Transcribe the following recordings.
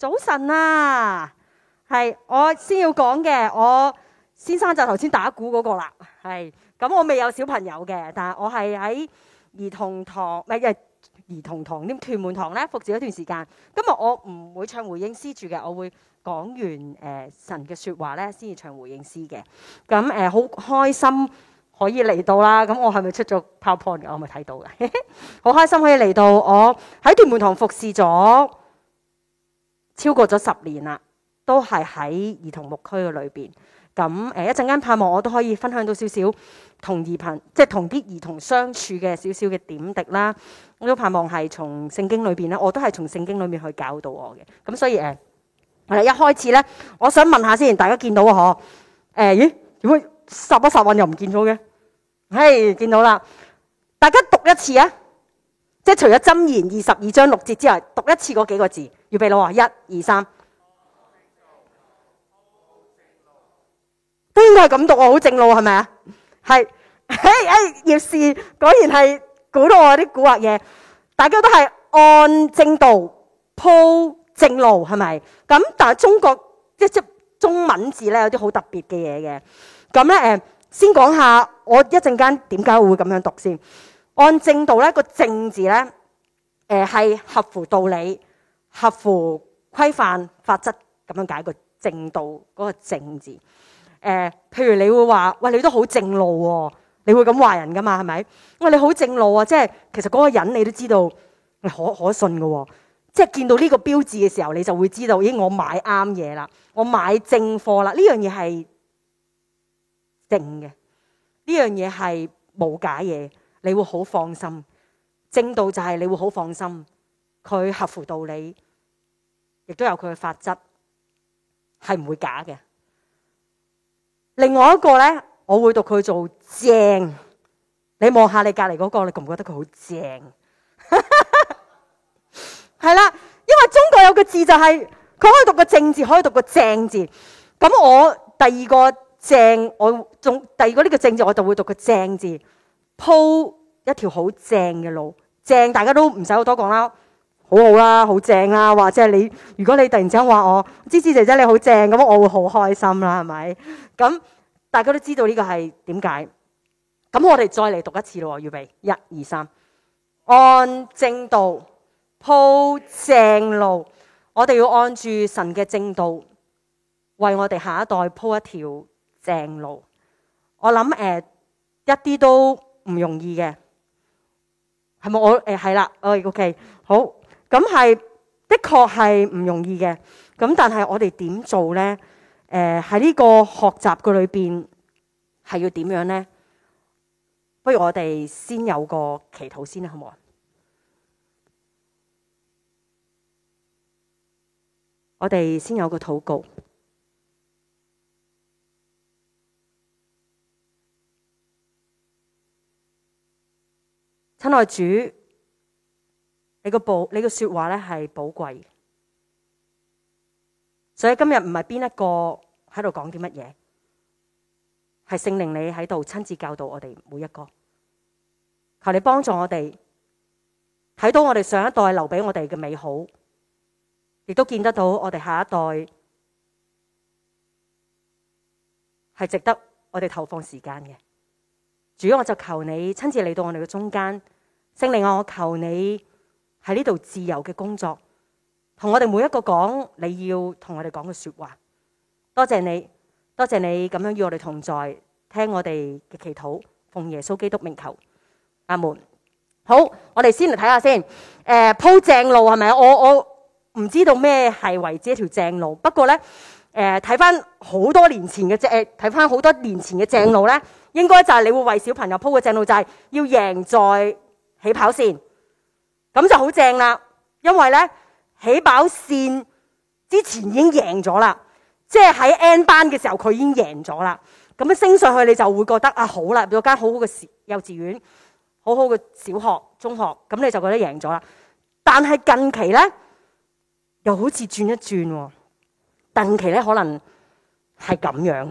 早晨啊，係我先要講嘅，我先生就頭先打鼓嗰個啦，係，咁我未有小朋友嘅，但係我係喺兒童堂，咪、哎，係兒童堂，添，屯門堂咧服侍一段時間，今日我唔會唱回應詩住嘅，我會講完誒、呃、神嘅說話咧，先至唱回應詩嘅，咁誒好開心可以嚟到啦，咁我係咪出咗 PowerPoint？我咪睇到嘅，好 開心可以嚟到，我喺屯門堂服侍咗。超過咗十年啦，都係喺兒童牧區嘅裏邊咁誒。一陣間盼望我都可以分享到少少同兒朋，即係同啲兒童相處嘅少少嘅點滴啦。我都盼望係從聖經裏邊啦，我都係從聖經裏面去教導我嘅。咁所以誒，我哋一開始咧，我想問一下先，大家見到啊？嗬誒？咦，點解十一拾運又唔見咗嘅？係見到啦，大家讀一次啊！即係除咗箴言二十二章六節之外，讀一次嗰幾個字。要畀老話，一二三，都應該係咁讀啊，我好正路啊，係咪啊？係，誒，要試，果然係估到我啲古惑嘢。大家都係按正道鋪正路，係咪？咁但係中國即即中文字咧，有啲好特別嘅嘢嘅。咁咧誒，先講下我一陣間點解會咁樣讀先。按正道咧個正字咧，誒，係合乎道理，合乎規範法則，咁樣解個正道嗰個正字。誒，譬如你會話，喂，你都好正路喎，你會咁話人噶嘛？係咪？喂，你好正路喎！即係其實嗰個人你都知道可可信噶喎，即係見到呢個標誌嘅時候，你就會知道，咦，我買啱嘢啦，我買正貨啦，呢樣嘢係正嘅，呢樣嘢係冇假嘢，你會好放心。正道就係你會好放心。佢合乎道理，亦都有佢嘅法則，係唔會假嘅。另外一個咧，我會讀佢做正。你望下你隔離嗰個，你覺唔覺得佢好正？係 啦，因為中國有個字就係、是、佢可以讀個正字，可以讀個正字。咁我第二個正，我仲第二個呢個正字，我就會讀個正字，鋪一條好正嘅路。正大家都唔使好多講啦。好好啦，啊，好正啊，或者你如果你突然之間話我芝芝姐姐，姐你好正咁，我會好開心啦，係咪？咁大家都知道呢個係點解？咁我哋再嚟讀一次咯，預備，一、二、三，按正道鋪正路，我哋要按住神嘅正道，為我哋下一代鋪一條正路。我諗誒、呃，一啲都唔容易嘅，係咪？我誒係啦，OK，好。咁係的確係唔容易嘅，咁但係我哋點做咧？誒、呃，喺呢個學習嘅裏邊係要點樣咧？不如我哋先有個祈禱先啦，好唔好？我哋先有個禱告，親愛主。你個寶，你個說話咧係寶貴，所以今日唔係邊一個喺度講啲乜嘢，係聖靈你喺度親自教導我哋每一個。求你幫助我哋睇到我哋上一代留俾我哋嘅美好，亦都見得到我哋下一代係值得我哋投放時間嘅。主，我就求你親自嚟到我哋嘅中間，聖靈我求你。喺呢度自由嘅工作，同我哋每一個講你要同我哋講嘅說話。多謝你，多謝你咁樣與我哋同在，聽我哋嘅祈禱，奉耶穌基督名求，阿門。好，我哋先嚟睇下先。誒、呃，鋪正路係咪？我我唔知道咩係為之一條正路。不過咧，誒、呃，睇翻好多年前嘅正，誒、呃，睇翻好多年前嘅正路咧，應該就係你會為小朋友鋪嘅正路就係要贏在起跑線。咁就好正啦，因為咧，起跑線之前已經贏咗啦，即係喺 N 班嘅時候佢已經贏咗啦。咁樣升上去，你就會覺得啊，好啦，有間好好嘅幼稚園，好好嘅小學、中學，咁你就覺得贏咗啦。但係近期咧，又好似轉一轉喎、哦，近期咧可能係咁樣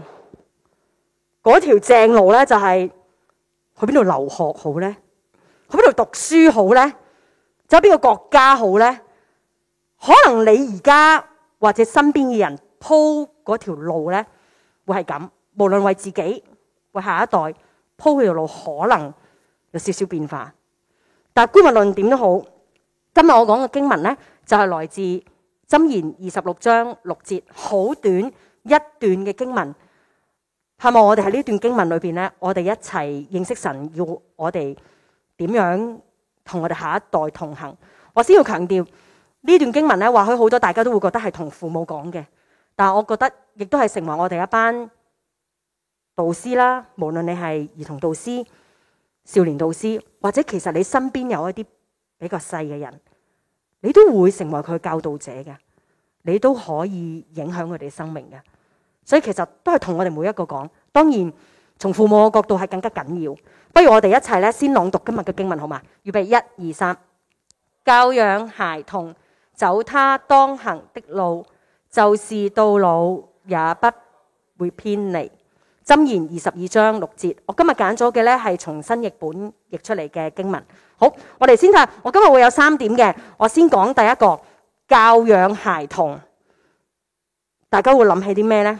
嗰條的正路咧，就係去邊度留學好咧？去邊度讀書好咧？走邊個國家好咧？可能你而家或者身邊嘅人鋪嗰條路咧，會係咁。無論為自己，為下一代鋪佢條路，可能有少少變化。但係公物論點都好，今日我講嘅經文咧，就係、是、來自箴言二十二章六節，好短一段嘅經文。盼望我哋喺呢段經文裏邊咧，我哋一齊認識神，要我哋點樣？同我哋下一代同行，我先要強調呢段經文咧，或許好多大家都會覺得係同父母講嘅，但係我覺得亦都係成為我哋一班導師啦。無論你係兒童導師、少年導師，或者其實你身邊有一啲比較細嘅人，你都會成為佢教導者嘅，你都可以影響佢哋生命嘅。所以其實都係同我哋每一個講，當然。從父母嘅角度係更加緊要，不如我哋一齊咧先朗讀今日嘅經文，好嘛？預備，一二三，教養孩童，走他當行的路，就是到老也不會偏離。箴言二十二章六節，我今日揀咗嘅咧係重新譯本譯出嚟嘅經文。好，我哋先睇下，我今日會有三點嘅，我先講第一個，教養孩童，大家會諗起啲咩呢？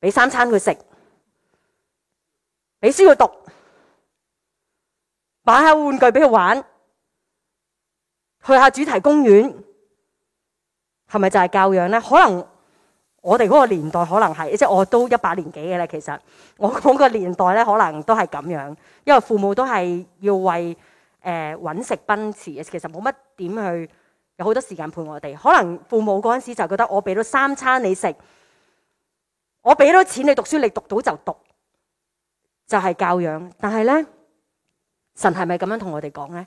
俾三餐佢食，俾書佢讀，買下玩具俾佢玩，去下主題公園，係咪就係教養咧？可能我哋嗰個年代可能係，即係我都一百年紀嘅啦。其實我嗰個年代咧，可能都係咁樣，因為父母都係要為誒、揾、食奔馳，其實冇乜點去，有好多時間陪我哋。可能父母嗰陣時就覺得，我俾咗三餐你食。我俾多錢你讀書，你讀到就讀，就係、是、教養。但係咧，神係咪咁樣同我哋講咧？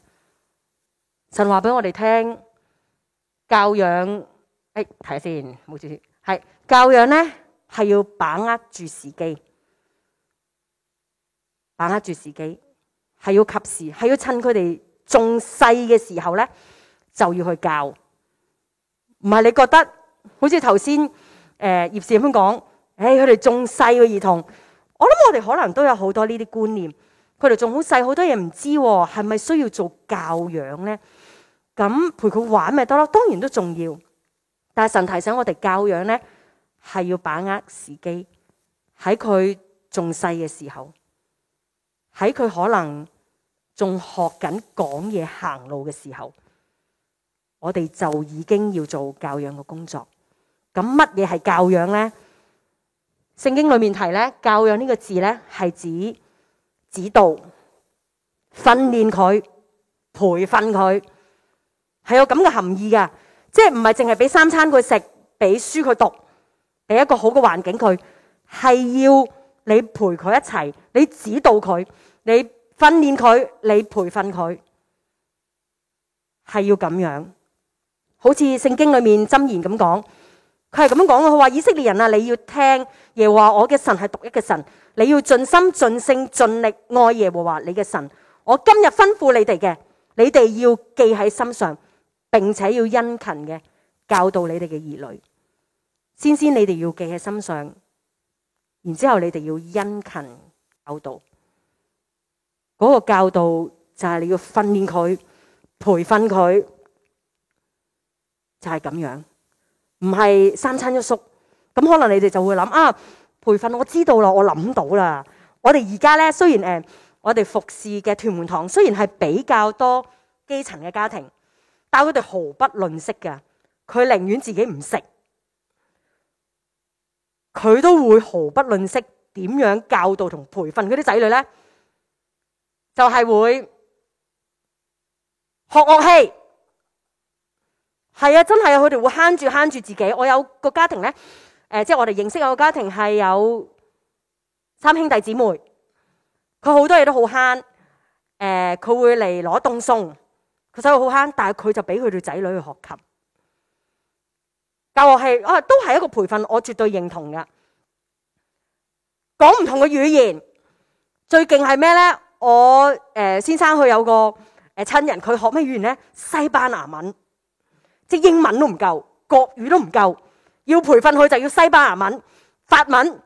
神話俾我哋聽，教養，哎，睇下先，冇注意，係教養咧，係要把握住時機，把握住時機，係要及時，係要趁佢哋仲細嘅時候咧，就要去教。唔係你覺得好似頭先，誒、呃，葉志咁樣講。誒，佢哋仲細個兒童，我諗我哋可能都有好多呢啲觀念。佢哋仲好細，好多嘢唔知，係咪需要做教養咧？咁陪佢玩咪得咯？當然都重要，但係神提醒我哋教養咧，係要把握時機，喺佢仲細嘅時候，喺佢可能仲學緊講嘢、行路嘅時候，我哋就已經要做教養嘅工作。咁乜嘢係教養咧？聖經裏面提咧，教養呢個字咧係指指導、訓練佢、培訓佢，係有咁嘅含義噶。即係唔係淨係俾三餐佢食，俾書佢讀，俾一個好嘅環境佢，係要你陪佢一齊，你指導佢，你訓練佢，你培訓佢，係要咁樣。好似聖經裏面箴言咁講。佢係咁樣講嘅，佢話以色列人啊，你要聽耶和華，我嘅神係獨一嘅神，你要盡心、盡性、盡力愛耶和華你嘅神。我今日吩咐你哋嘅，你哋要記喺心上，並且要殷勤嘅教導你哋嘅兒女。先先，你哋要記喺心上，然之後你哋要殷勤教導。嗰個教導就係你要訓練佢、培訓佢，就係咁樣。唔係三餐一宿，咁可能你哋就會諗啊，培訓我知道啦，我諗到啦。我哋而家咧，雖然誒，我哋服侍嘅屯門堂雖然係比較多基層嘅家庭，但係佢哋毫不吝惜噶，佢寧願自己唔食，佢都會毫不吝惜點樣教導同培訓嗰啲仔女咧，就係、是、會學樂器。係啊，真係啊，佢哋會慳住慳住自己。我有個家庭咧，誒、呃，即係我哋認識有個家庭係有三兄弟姊妹，佢好多嘢都好慳。誒、呃，佢會嚟攞凍餸，佢手好慳，但係佢就俾佢對仔女去學琴教我係，啊，都係一個培訓，我絕對認同噶。講唔同嘅語言最勁係咩咧？我誒、呃、先生佢有個誒親人，佢學咩語言咧？西班牙文。英文都唔夠，國語都唔夠，要培訓佢就要西班牙文、法文、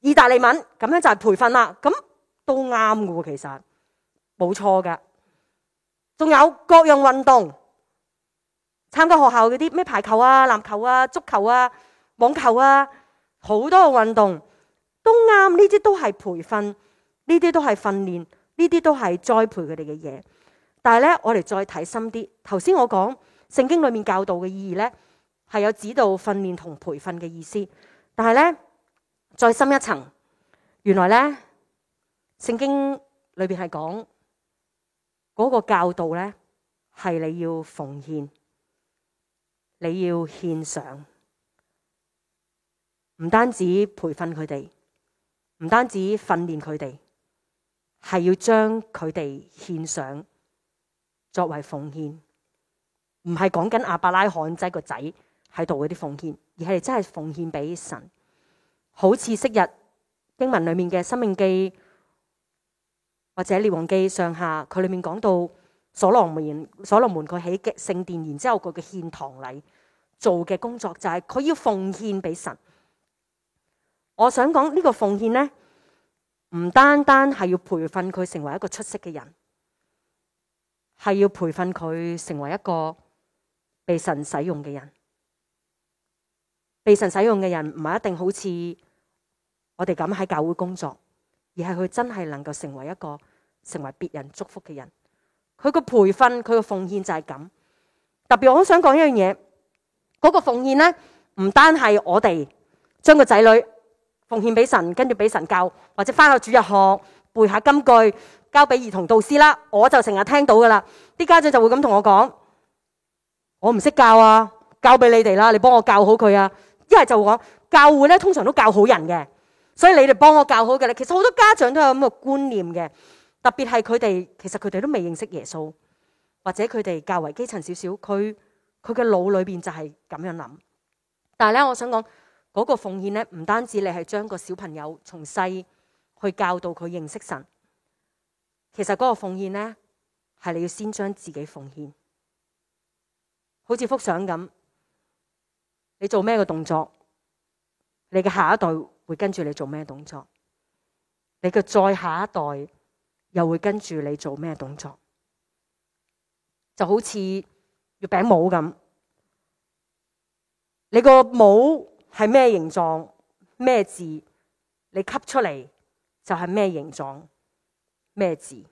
意大利文，咁樣就係培訓啦。咁都啱噶，其實冇錯噶。仲有各樣運動，參加學校嗰啲咩排球啊、籃球啊、足球啊、網球啊，好多運動都啱。呢啲都係培訓，呢啲都係訓練，呢啲都係栽培佢哋嘅嘢。但係咧，我哋再睇深啲，頭先我講。聖經裏面教導嘅意義咧，係有指導、訓練同培訓嘅意思。但係咧，再深一層，原來咧，聖經裏邊係講嗰個教導咧，係你要奉獻，你要獻上，唔單止培訓佢哋，唔單止訓練佢哋，係要將佢哋獻上作為奉獻。唔係講緊阿伯拉罕仔，就是，個仔喺度嗰啲奉獻，而係真係奉獻俾神。好似昔日經文裏面嘅《生命記》或者《列王記》上下，佢裏面講到所羅門，所羅門佢起嘅聖殿，然之後佢嘅獻堂禮做嘅工作，就係，是，佢要奉獻俾神。我想講呢個奉獻咧，唔單單係要培訓佢成為一個出色嘅人，係要培訓佢成為一個。被神使用嘅人，被神使用嘅人唔係一定好似我哋咁喺教會工作，而係佢真係能夠成為一個成為別人祝福嘅人。佢個培訓佢個奉獻就係咁。特別我好想講一樣嘢，嗰個奉獻咧，唔單係我哋將個仔女奉獻俾神，跟住俾神教，或者翻去主日學背下金句，交俾兒童導師啦。我就成日聽到噶啦，啲家長就會咁同我講。我唔識教啊，教俾你哋啦，你幫我教好佢啊。一係就會講，教會咧通常都教好人嘅，所以你哋幫我教好嘅。其實好多家長都有咁嘅觀念嘅，特別係佢哋，其實佢哋都未認識耶穌，或者佢哋較為基層少少，佢佢嘅腦裏邊就係咁樣諗。但係咧，我想講嗰個奉獻咧，唔單止你係將個小朋友從細去教導佢認識神，其實嗰個奉獻咧，係你要先將自己奉獻。好似幅相咁，你做咩嘅動作，你嘅下一代會跟住你做咩動作，你嘅再下一代又會跟住你做咩動作，就好似月餅模咁，你個模係咩形狀咩字，你吸出嚟就係咩形狀咩字。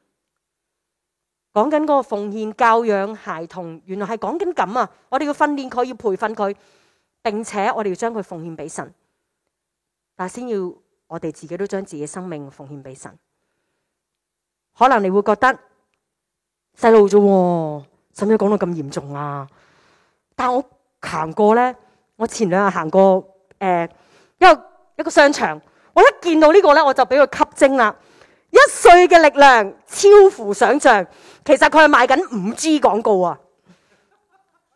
講緊嗰個奉獻教養孩童，原來係講緊咁啊！我哋要訓練佢，要培訓佢，並且我哋要將佢奉獻俾神，但係先要我哋自己都將自己生命奉獻俾神。可能你會覺得細路啫，使唔使講到咁嚴重啊？但我行過咧，我前兩日行過誒、呃，一個一個商場，我一見到呢個咧，我就俾佢吸睛啦。一歲嘅力量超乎想象。其實佢係賣緊五 G 廣告啊！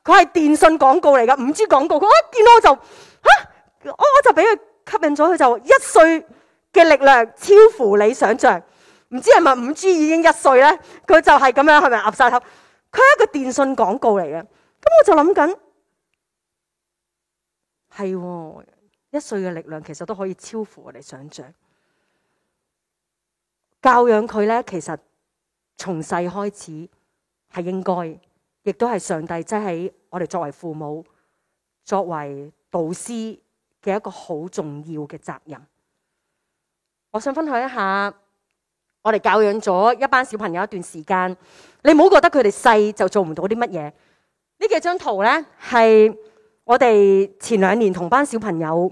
佢係電信廣告嚟㗎，五 G 廣告，佢一見到我就吓，我我就俾佢吸引咗，佢就話一歲嘅力量超乎你想象。唔知係咪五 G 已經一歲咧？佢就係咁樣，係咪岌晒頭？佢係一個電信廣告嚟嘅。咁我就諗緊，係、哦、一歲嘅力量其實都可以超乎我哋想象。教養佢咧，其實。從細開始係應該，亦都係上帝即係、就是、我哋作為父母，作為導師嘅一個好重要嘅責任。我想分享一下，我哋教養咗一班小朋友一段時間，你唔好覺得佢哋細就做唔到啲乜嘢。呢幾張圖呢，係我哋前兩年同班小朋友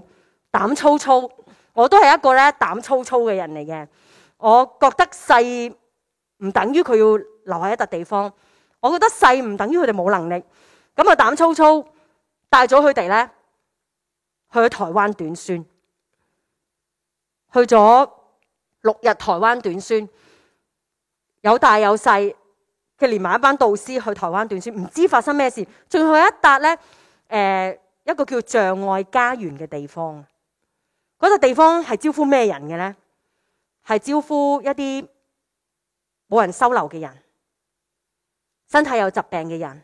膽粗粗，我都係一個咧膽粗粗嘅人嚟嘅，我覺得細。唔等於佢要留喺一笪地方，我覺得細唔等於佢哋冇能力。咁啊膽粗粗帶咗佢哋咧，去台灣短宣，去咗六日台灣短宣，有大有細，佢連埋一班導師去台灣短宣，唔知發生咩事。最後一笪咧，誒一個叫障礙家園嘅地方，嗰個地方係招呼咩人嘅咧？係招呼一啲。冇人收留嘅人，身體有疾病嘅人，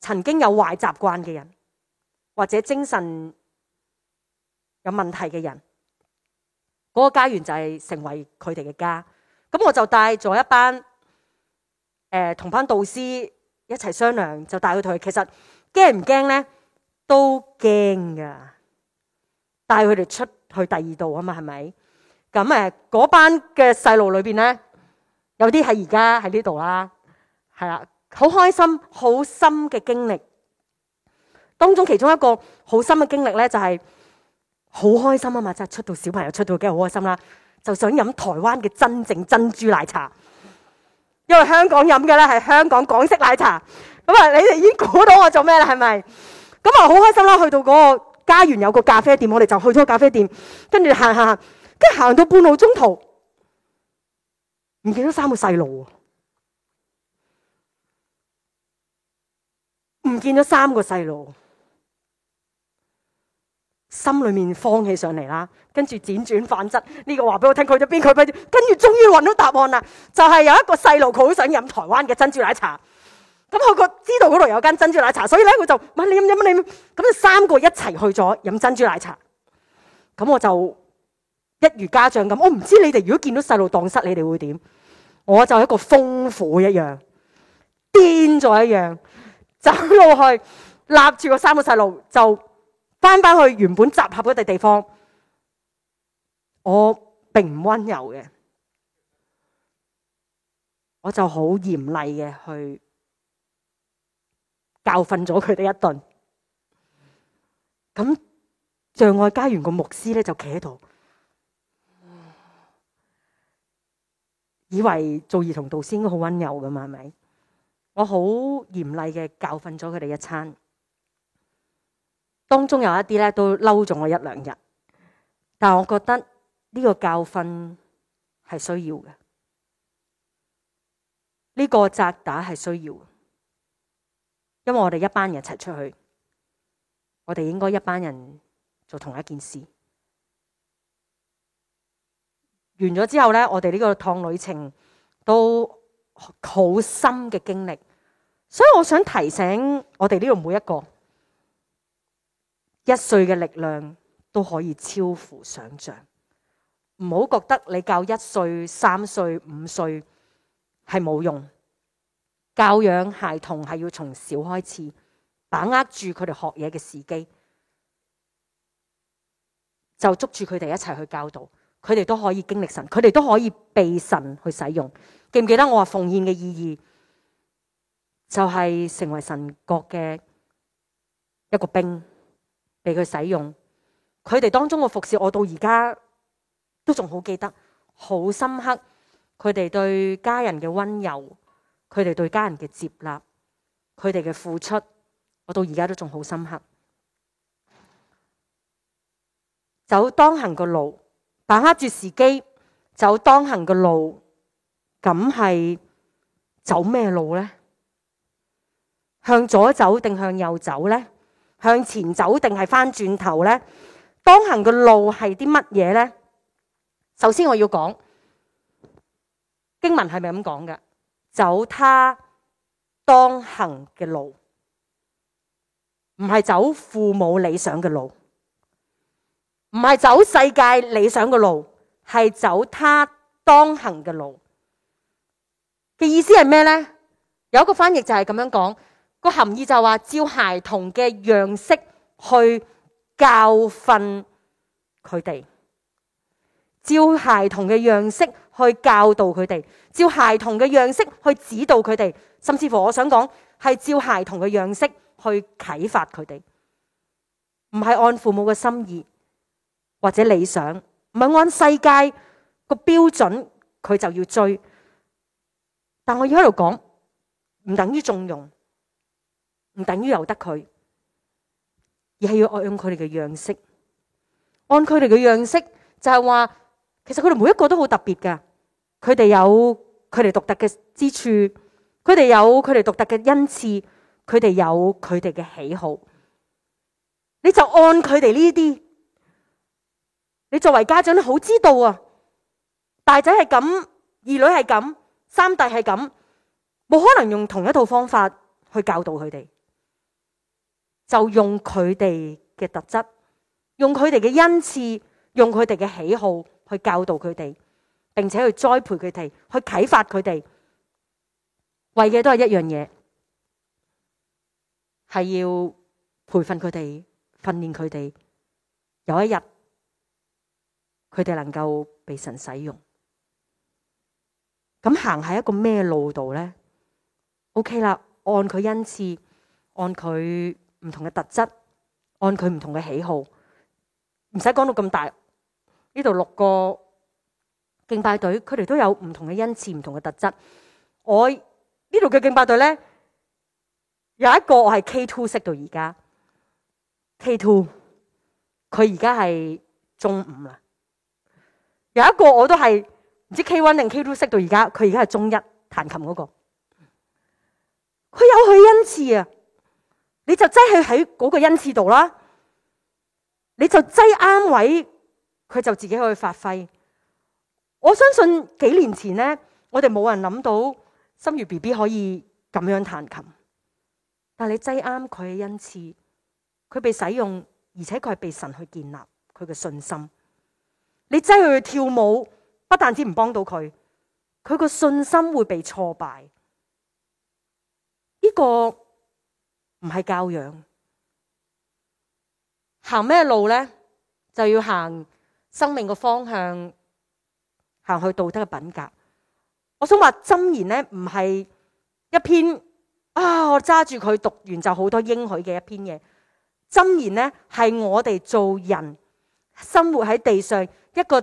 曾經有壞習慣嘅人，或者精神有問題嘅人，嗰個家園就係成為佢哋嘅家。咁我就帶咗一班誒同班導師一齊商量，就帶佢同佢。其實驚唔驚咧？都驚噶，帶佢哋出去第二度啊嘛，係咪？咁誒，嗰班嘅細路裏邊咧。有啲係而家喺呢度啦，係啦，好開心，好深嘅經歷當中，其中一個好深嘅經歷咧、就是，就係好開心啊嘛，即係出到小朋友出到幾好開心啦，就想飲台灣嘅真正珍珠奶茶，因為香港飲嘅咧係香港港式奶茶，咁啊，你哋已經估到我做咩啦，係咪？咁啊，好開心啦，去到嗰個家園有個咖啡店，我哋就去咗個咖啡店，跟住行行行，跟住行到半路中途。唔見咗三個細路，唔見咗三個細路，心裏面慌起上嚟啦。跟住輾轉反側，呢個話俾我聽，佢咗邊佢，跟住終於揾到答案啦，就係、是、有一個細路，佢好想飲台灣嘅珍珠奶茶。咁佢個知道嗰度有間珍珠奶茶，所以咧佢就，唔係你飲飲乜你，咁就三個一齊去咗飲珍珠奶茶。咁我就一如家長咁，我唔知你哋如果見到細路蕩失，你哋會點？我就一個瘋虎一樣，癲咗一樣，走落去，立住個三個細路，就返返去原本集合嗰笪地方。我並唔溫柔嘅，我就好嚴厲嘅去教訓咗佢哋一頓。咁障礙家園個牧師咧就企喺度。以為做兒童導師應該好溫柔噶嘛，係咪？我好嚴厲嘅教訓咗佢哋一餐，當中有一啲咧都嬲咗我一兩日，但係我覺得呢個教訓係需要嘅，呢個責打係需要，因為我哋一班人一齊出去，我哋應該一班人做同一件事。完咗之後咧，我哋呢個趟旅程都好深嘅經歷，所以我想提醒我哋呢度每一個一歲嘅力量都可以超乎想像，唔好覺得你教一歲、三歲、五歲係冇用，教養孩童係要從小開始，把握住佢哋學嘢嘅時機，就捉住佢哋一齊去教導。佢哋都可以經歷神，佢哋都可以被神去使用。記唔記得我話奉獻嘅意義就係成為神國嘅一個兵，俾佢使用。佢哋當中嘅服侍，我到而家都仲好記得，好深刻。佢哋對家人嘅溫柔，佢哋對家人嘅接納，佢哋嘅付出，我到而家都仲好深刻。走當行嘅路。把握住時機，走當行嘅路，咁係走咩路咧？向左走定向右走咧？向前走定係返轉頭咧？當行嘅路係啲乜嘢咧？首先我要講經文係咪咁講嘅？走他當行嘅路，唔係走父母理想嘅路。唔係走世界理想嘅路，係走他當行嘅路嘅意思係咩呢？有一個翻譯就係咁樣講，個含義就話照孩童嘅樣式去教訓佢哋，照孩童嘅樣式去教導佢哋，照孩童嘅樣式去指導佢哋，甚至乎我想講係照孩童嘅樣式去啟發佢哋，唔係按父母嘅心意。或者理想唔係按世界個標準，佢就要追。但我要喺度講，唔等於縱容，唔等於由得佢，而係要按佢哋嘅樣式，按佢哋嘅樣式就係話，其實佢哋每一個都好特別噶。佢哋有佢哋獨特嘅之處，佢哋有佢哋獨特嘅恩賜，佢哋有佢哋嘅喜好。你就按佢哋呢啲。你作為家長，你好知道啊！大仔係咁，二女係咁，三弟係咁，冇可能用同一套方法去教導佢哋。就用佢哋嘅特質，用佢哋嘅恩賜，用佢哋嘅喜好去教導佢哋，並且去栽培佢哋，去啟發佢哋。為嘅都係一樣嘢，係要培訓佢哋，訓練佢哋，有一日。佢哋能夠被神使用，咁行喺一個咩路度咧？OK 啦，按佢恩賜，按佢唔同嘅特質，按佢唔同嘅喜好，唔使講到咁大。呢度六個敬拜隊，佢哋都有唔同嘅恩賜、唔同嘅特質。我呢度嘅敬拜隊咧，有一個我係 K two 識到而家，K two，佢而家係中五啦。有一個我都係唔知 K one 定 K two 識到而家，佢而家係中一彈琴嗰個，佢有佢恩賜啊！你就擠佢喺嗰個恩賜度啦，你就擠啱位，佢就自己可以發揮。我相信幾年前呢，我哋冇人諗到心如 B B 可以咁樣彈琴，但係你擠啱佢嘅恩賜，佢被使用，而且佢係被神去建立佢嘅信心。你擠佢去跳舞，不但止唔幫到佢，佢個信心會被挫敗。呢、這個唔係教養，行咩路咧，就要行生命嘅方向，行去道德嘅品格。我想話箴言咧，唔係一篇啊，我揸住佢讀完就好多應許嘅一篇嘢。箴言咧，係我哋做人生活喺地上，一個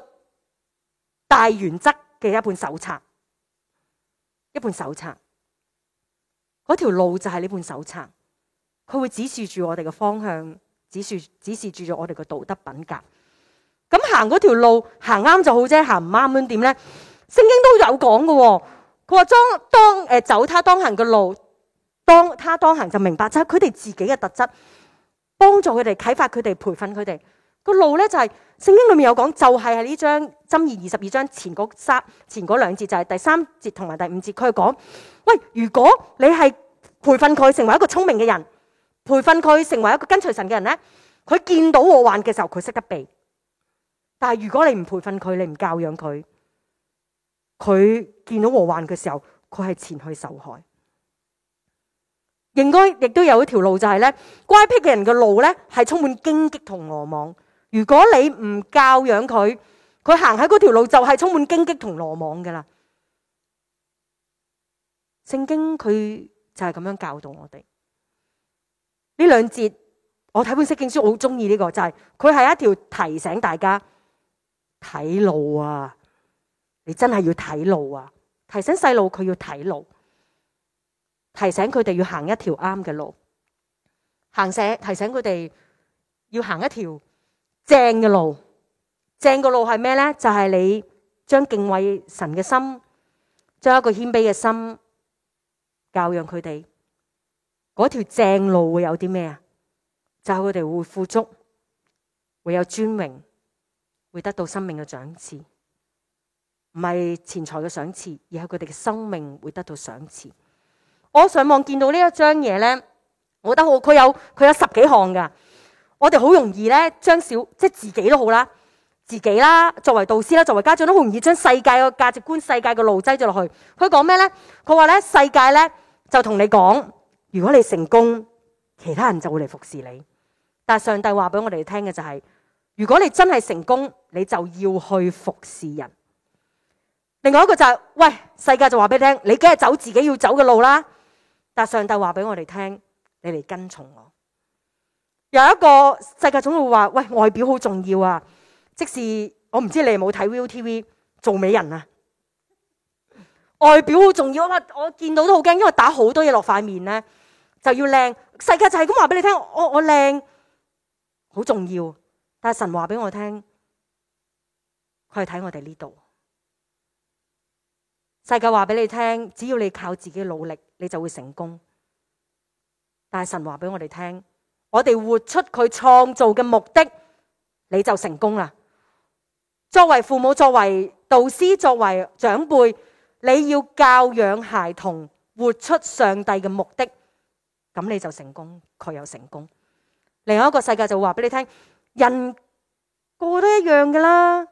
大原則嘅一本手冊，一本手冊，嗰條路就係呢本手冊，佢會指示住我哋嘅方向，指示指示住咗我哋嘅道德品格。咁、嗯、行嗰條路行啱就好啫，行唔啱咁點咧？聖經都有講㗎，佢話當當誒、呃、走他當行嘅路，當他當行就明白就係，佢哋自己嘅特質，幫助佢哋啟發佢哋，培訓佢哋。個路咧就係、是、聖經裏面有講，就係喺呢張箴二二十二章前嗰三前嗰兩節，就係第三節同埋第五節，佢講喂，如果你係培訓佢成為一個聰明嘅人，培訓佢成為一個跟隨神嘅人咧，佢見到禍患嘅時候佢識得避。但係如果你唔培訓佢，你唔教養佢，佢見到禍患嘅時候，佢係前去受害。應該亦都有一條路就係、是、咧，乖僻嘅人嘅路咧係充滿荊棘同羅網。如果你唔教養佢，佢行喺嗰條路就係充滿荊棘同羅網噶啦。聖經佢就係咁樣教導我哋。呢兩節我睇本釋經書，我好中意呢個，就係佢係一條提醒大家睇路啊！你真係要睇路啊！提醒細路佢要睇路，提醒佢哋要行一條啱嘅路，行社提醒佢哋要行一條。正嘅路，正嘅路係咩咧？就係你將敬畏神嘅心，將一個謙卑嘅心教養佢哋。嗰條正路會有啲咩啊？就係佢哋會富足，會有尊榮，會得到生命嘅賞賜，唔係錢財嘅賞賜，而係佢哋嘅生命會得到賞賜。我上網見到呢一張嘢咧，我覺得好，佢有佢有十幾項噶。我哋好容易咧，將小即係自己都好啦，自己啦，作為導師啦，作為家長都好容易將世界嘅價值觀、世界嘅路擠咗落去。佢講咩咧？佢話咧，世界咧就同你講，如果你成功，其他人就會嚟服侍你。但係上帝話俾我哋聽嘅就係，如果你真係成功，你就要去服侍人。另外一個就係，喂，世界就話俾你聽，你梗係走自己要走嘅路啦。但係上帝話俾我哋聽，你嚟跟從我。有一個世界總會話，喂，外表好重要啊，即使我唔知你有冇睇 ViuTV 做美人啊，外表好重要啊！我見到都好驚，因為打好多嘢落塊面咧就要靚，世界就係咁話俾你聽，我我靚好重要。但係神話俾我聽，佢係睇我哋呢度。世界話俾你聽，只要你靠自己努力，你就會成功。但係神話俾我哋聽。我哋活出佢創造嘅目的，你就成功啦。作為父母、作為導師、作為長輩，你要教養孩童活出上帝嘅目的，咁你就成功，佢又成功。另外一個世界就話俾你聽，人個個都一樣噶啦。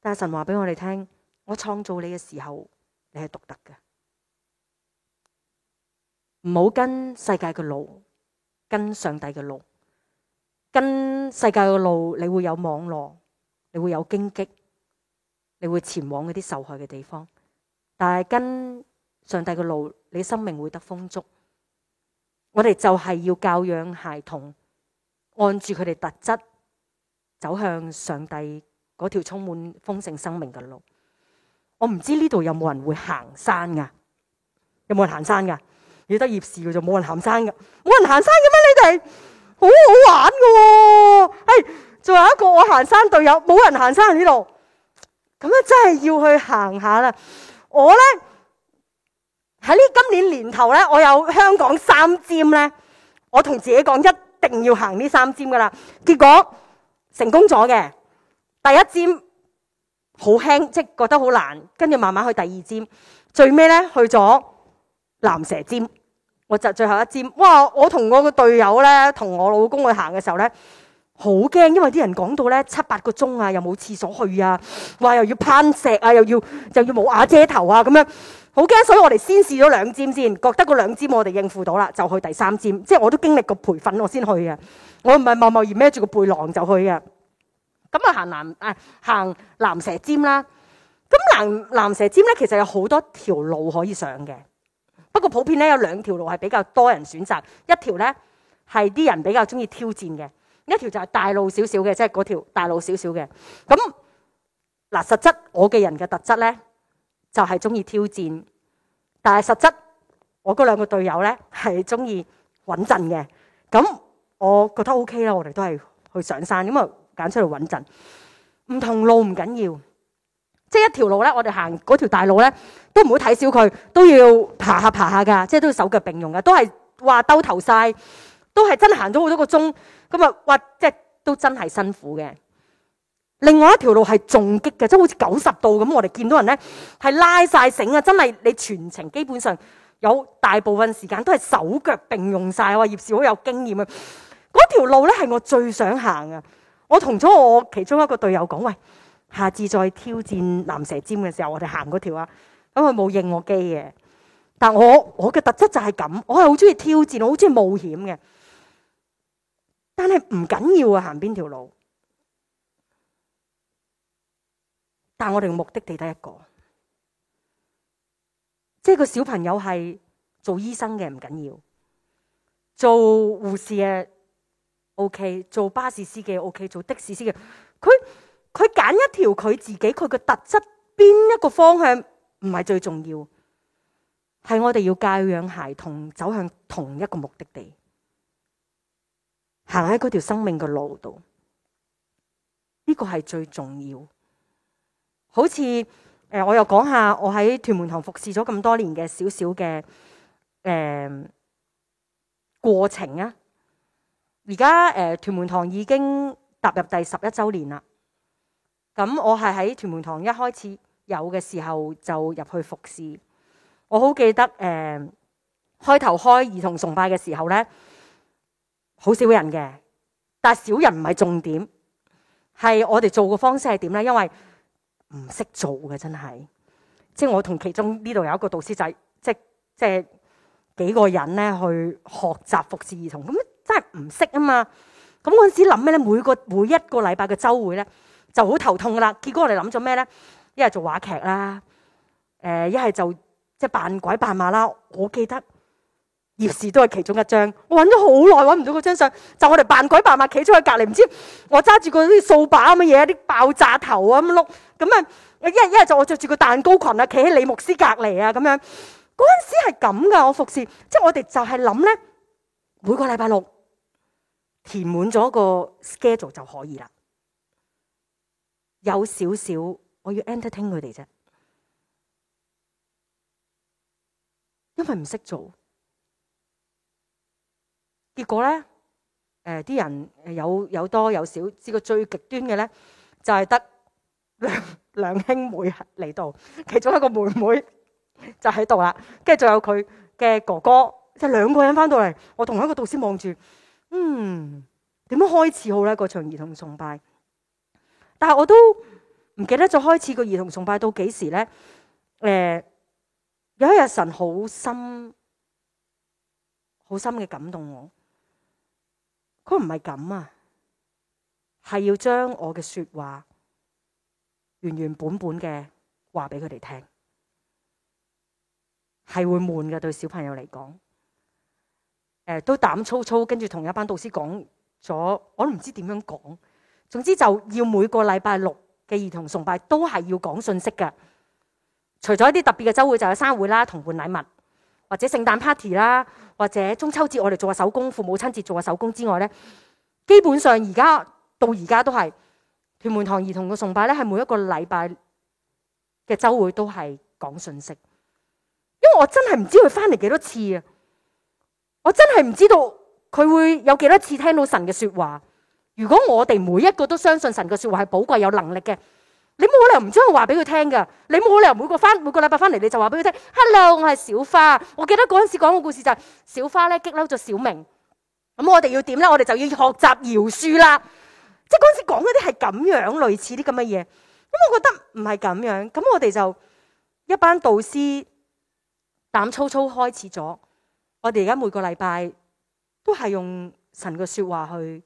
但神話俾我哋聽，我創造你嘅時候，你係獨特嘅，唔好跟世界嘅路。跟上帝嘅路，跟世界嘅路，你會有網羅，你會有荊棘，你會前往嗰啲受害嘅地方。但係跟上帝嘅路，你嘅生命會得豐足。我哋就係要教養孩童，按住佢哋特質，走向上帝嗰條充滿豐盛生命嘅路。我唔知呢度有冇人會行山㗎，有冇人行山㗎？你得閑事嘅就冇人行山㗎，冇人行山嘅咩？你哋好好玩嘅喎，哦，係、哎、仲有一個我行山隊友，冇人行山喺呢度，咁啊真係要去行下啦！我咧喺呢今年年頭咧，我有香港三尖咧，我同自己講一定要行呢三尖㗎啦，結果成功咗嘅第一尖好輕，即係覺得好難，跟住慢慢去第二尖，最尾咧去咗。蚺蛇尖，我就最後一尖。哇！我同我個隊友咧，同我老公去行嘅時候咧，好驚，因為啲人講到咧七八個鐘啊，又冇廁所去啊，話又要攀石啊，又要又要冇瓦遮頭啊，咁樣好驚。所以我哋先試咗兩尖先，覺得嗰兩尖我哋應付到啦，就去第三尖。即係我都經歷過培訓，我先去嘅。我唔係貿貿然孭住個背囊就去嘅。咁啊、哎，行蚺啊，行蚺蛇尖啦。咁蚺蚺蛇尖咧，其實有好多條路可以上嘅。不過普遍咧有兩條路係比較多人選擇，一條咧係啲人比較中意挑戰嘅，一條就係大路少少嘅，即係嗰條大路少少嘅。咁嗱，實質我嘅人嘅特質咧就係中意挑戰，但係實質我嗰兩個隊友咧係中意穩陣嘅。咁我覺得 OK 啦，我哋都係去上山，咁啊揀出嚟穩陣，唔同路唔緊要。即係一條路咧，我哋行嗰條大路咧，都唔好睇小佢，都要爬下爬下㗎，即係都要手腳並用㗎。都係話兜頭晒，都係真行咗好多個鐘咁啊！哇，即係都真係辛苦嘅。另外一條路係重擊嘅，即係好似九十度咁，我哋見到人咧係拉晒繩啊！真係你全程基本上有大部分時間都係手腳並用晒啊！葉少好有經驗啊！嗰條路咧係我最想行啊！我同咗我其中一個隊友講：喂！下次再挑戰蚺蛇尖嘅時候，我哋行嗰條啊，咁佢冇應我機嘅。但我我嘅特質就係咁，我係好中意挑戰，我好中意冒險嘅。但係唔緊要啊，行邊條路？但係我哋目的地得一個，即係個小朋友係做醫生嘅唔緊要，做護士嘅 O K，做巴士司機 O K，做的士司機佢。佢揀一條佢自己佢嘅特質邊一個方向唔係最重要，係我哋要教養孩童走向同一個目的地，行喺嗰條生命嘅路度，呢、這個係最重要。好似我又講下我喺屯門堂服侍咗咁多年嘅小小嘅誒、呃、過程啊！而家、呃、屯門堂已經踏入第十一週年啦。咁我係喺屯門堂一開始有嘅時候就入去服侍。我好記得誒、呃，開頭開兒童崇拜嘅時候咧，好少人嘅，但係少人唔係重點，係我哋做嘅方式係點咧？因為唔識做嘅真係，即係我同其中呢度有一個導師仔，即係即係幾個人咧去學習服侍兒童，咁真係唔識啊嘛。咁嗰陣時諗咩咧？每個每一個禮拜嘅周會咧。就好頭痛噶啦，結果我哋諗咗咩咧？一係做話劇啦，誒、呃，一係就即係、就是、扮鬼扮馬啦。我記得葉氏都係其中一張，我揾咗好耐，揾唔到嗰張相。就我哋扮鬼扮馬，企咗喺隔籬，唔知我揸住個啲掃把咁嘅嘢，啲爆炸頭啊咁碌，咁啊一係一係就我着住個蛋糕裙啊，企喺李牧師隔籬啊咁樣。嗰陣時係咁噶，我服侍，即、就、係、是、我哋就係諗咧，每個禮拜六填滿咗個 schedule 就可以啦。有少少，我要 entertain 佢哋啫，因為唔識做，結果咧，誒、呃、啲人有有多有少，至到最極端嘅咧，就係得兩兄妹嚟到，其中一個妹妹就喺度啦，跟住仲有佢嘅哥哥，即係兩個人返到嚟，我同一個導師望住，嗯，點樣開始好咧？個場兒童崇拜。但我都唔記得咗開始個兒童崇拜到幾時咧？誒、呃，有一日神好深、好深嘅感動我，佢唔係咁啊，係要將我嘅說話原原本本嘅話俾佢哋聽，係會悶嘅對小朋友嚟講。誒、呃，都膽粗粗，跟住同一班導師講咗，我都唔知點樣講。總之就要每個禮拜六嘅兒童崇拜都係要講信息嘅，除咗一啲特別嘅周會，就有生會啦，同伴禮物，或者聖誕 party 啦，或者中秋節我哋做個手工，父母親節做個手工之外咧，基本上而家到而家都係屯門堂兒童嘅崇拜咧，係每一個禮拜嘅周會都係講信息，因為我真係唔知佢翻嚟幾多次啊，我真係唔知道佢會有幾多次聽到神嘅說話。如果我哋每一個都相信神嘅說話係寶貴有能力嘅，你冇可能唔將佢話俾佢聽噶。你冇可能每個返每個禮拜返嚟，你就話俾佢聽。Hello，我係小花。我記得嗰陣時講嘅故事就係、是、小花咧激嬲咗小明。咁我哋要點咧？我哋就要學習饒恕啦。即係嗰陣時講嗰啲係咁樣類似啲咁嘅嘢。咁我覺得唔係咁樣。咁我哋就一班導師膽粗粗開始咗。我哋而家每個禮拜都係用神嘅說話去。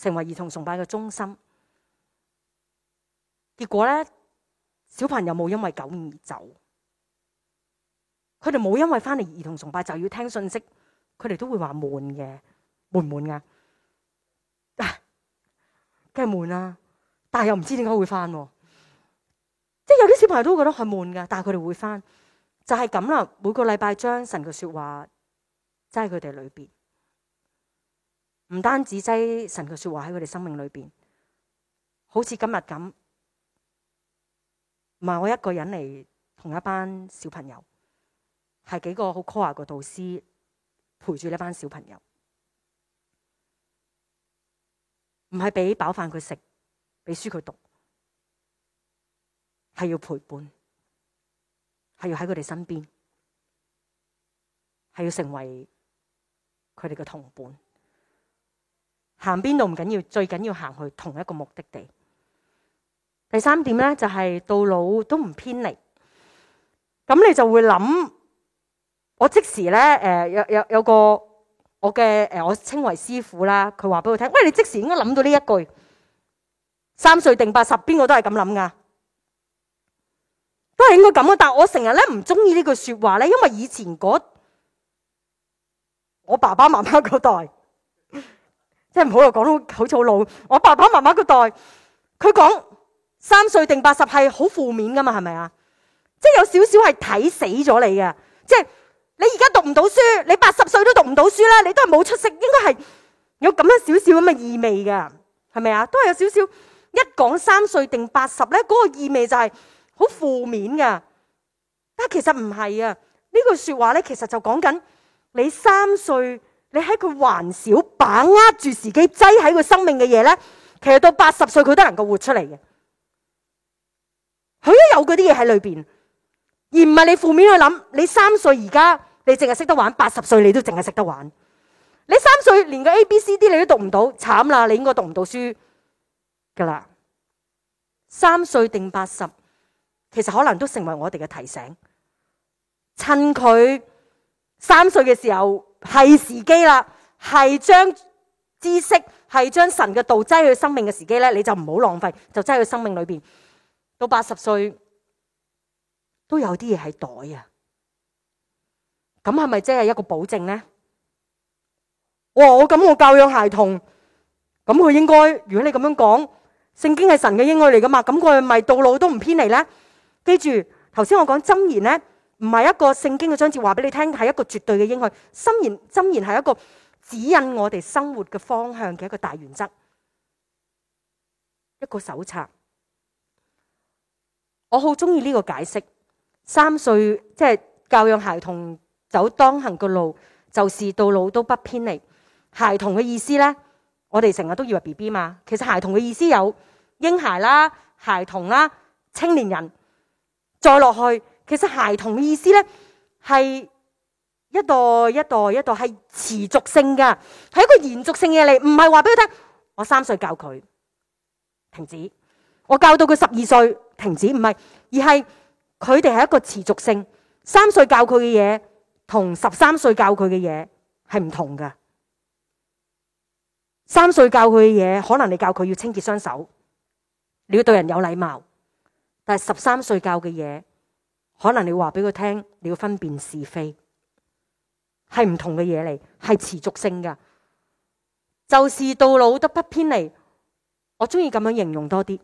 成為兒童崇拜嘅中心，結果咧，小朋友冇因為狗而走，佢哋冇因為翻嚟兒童崇拜就要聽信息，佢哋都會話悶嘅，悶唔悶啊？啊，梗係悶啦，但係又唔知點解會翻，即係有啲小朋友都會覺得係悶嘅，但係佢哋會翻，就係咁啦。每個禮拜將神嘅說話，就係佢哋裏邊。唔單止擠神嘅說話喺佢哋生命裏邊，好似今日咁，唔係我一個人嚟，同一班小朋友，係幾個好 cool 嘅導師陪住呢班小朋友，唔係俾飽飯佢食，俾書佢讀，係要陪伴，係要喺佢哋身邊，係要成為佢哋嘅同伴。行邊度唔緊要，最緊要行去同一個目的地。第三點咧就係到老都唔偏離，咁你就會諗，我即時咧，誒有有有個我嘅，誒我稱為師傅啦，佢話俾我聽，喂，你即時應該諗到呢一句，三歲定八十，邊個都係咁諗噶，都係應該咁啊！但我成日咧唔中意呢句說話咧，因為以前嗰我爸爸媽媽嗰代。即係唔好又講到好粗老。我爸爸媽媽嗰代佢講三歲定八十係好負面噶嘛，係咪啊？即係有少少係睇死咗你嘅，即係你而家讀唔到書，你八十歲都讀唔到書啦，你都係冇出息，應該係有咁樣少少咁嘅意味㗎，係咪啊？都係有少少一講三歲定八十咧，嗰、嗰個意味就係好負面㗎。但其實唔係啊，呢句說話咧，其實就講緊你三歲。你喺佢還小把握住自己擠喺佢生命嘅嘢咧，其實到八十歲佢都能夠活出嚟嘅。佢都有嗰啲嘢喺裏邊，而唔係你負面去諗。你三歲而家，你淨係識得玩；八十歲你都淨係識得玩。你三歲連個 A、B、C、D 你都讀唔到，慘啦！你應該讀唔到書噶啦。三歲定八十，其實可能都成為我哋嘅提醒。趁佢三歲嘅時候。係時機啦，係將知識，係將神嘅道擠去生命嘅時機咧，你就唔好浪費，就擠去生命裏邊。到八十歲都有啲嘢喺袋啊！咁係咪即係一個保證咧？我我咁我教養孩童，咁佢應該如果你咁樣講，聖經係神嘅應該嚟噶嘛？咁佢咪到老都唔偏離咧？記住頭先我講箴言咧。唔係一個聖經嘅章節話俾你聽，係一個絕對嘅應許，箴言箴言係一個指引我哋生活嘅方向嘅一個大原則，一個手冊。我好中意呢個解釋。三歲即係、就是、教養孩童走當行嘅路，就是到老都不偏離。孩童嘅意思咧，我哋成日都以為 B B 嘛，其實孩童嘅意思有嬰孩啦、孩童啦、青年人，再落去。其實孩童嘅意思咧，係一代一代一代係持續性噶，係一個延續性嘅，你唔係話俾佢聽。我三歲教佢停止，我教到佢十二歲停止，唔係，而係佢哋係一個持續性。三歲教佢嘅嘢，同十三歲教佢嘅嘢係唔同噶。三歲教佢嘅嘢，可能你教佢要清潔雙手，你要對人有禮貌，但係十三歲教嘅嘢。可能你話俾佢聽，你要分辨是非，係唔同嘅嘢嚟，係持續性噶。就是到老都不偏離，我中意咁樣形容多啲。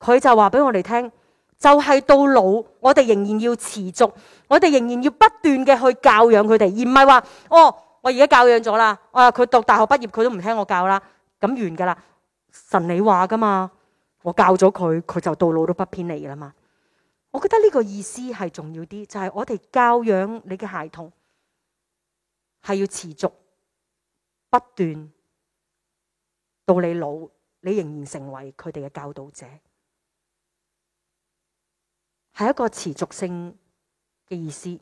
佢就話俾我哋聽，就係到老，我哋仍然要持續，我哋仍然要不斷嘅去教養佢哋，而唔係話哦，我而家教養咗啦，啊佢讀大學畢業佢都唔聽我教啦，咁完噶啦。神你話噶嘛，我教咗佢，佢就到老都不偏離噶啦嘛。我覺得呢個意思係重要啲，就係我哋教養你嘅孩童係要持續不斷，到你老你仍然成為佢哋嘅教導者，係一個持續性嘅意思。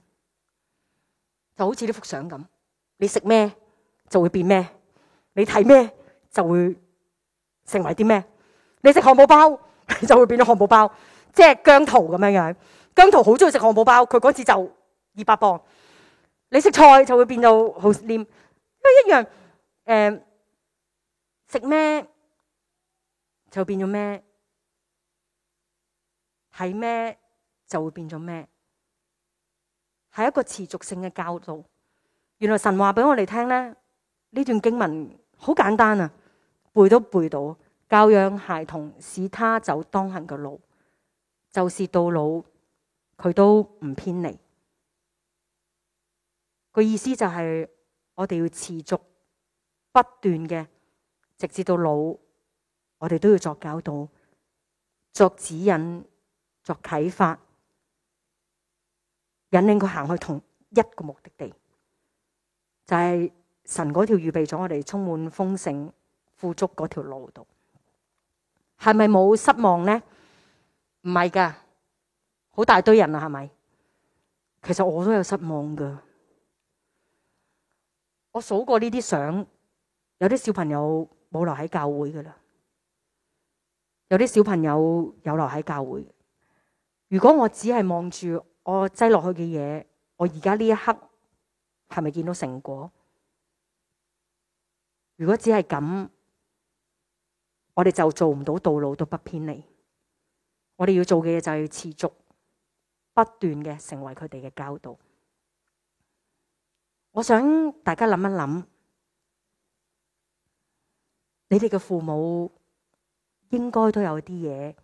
就好似呢幅相咁，你食咩就會變咩，你睇咩就會成為啲咩，你食漢堡包就會變咗漢堡包。即係姜濤咁樣樣，姜濤好中意食漢堡包。佢嗰次就二百磅。你食菜就會變到好黏，因為一樣。誒，食咩就變咗咩，睇咩就會變咗咩，係一個持續性嘅教導。原來神話俾我哋聽咧，呢段經文好簡單啊，背都背到教養孩童，使他走當行嘅路。就是到老佢都唔偏離，個意思就係、是、我哋要持續不斷嘅，直至到老，我哋都要作教導、作指引、作啟發，引領佢行去同一個目的地，就係、是、神嗰條預備咗我哋充滿豐盛富足嗰條路度，係咪冇失望咧？唔係噶，好大堆人呀，係咪？其實我都有失望噶。我數過呢啲相，有啲小朋友冇留喺教會噶啦，有啲小朋友有留喺教會的。如果我只係望住我擠落去嘅嘢，我而家呢一刻係咪見到成果？如果只係咁，我哋就做唔到，道路都不偏離。我哋要做嘅嘢，就係要持續不斷嘅成為佢哋嘅教導。我想大家諗一諗，你哋嘅父母應該都有啲嘢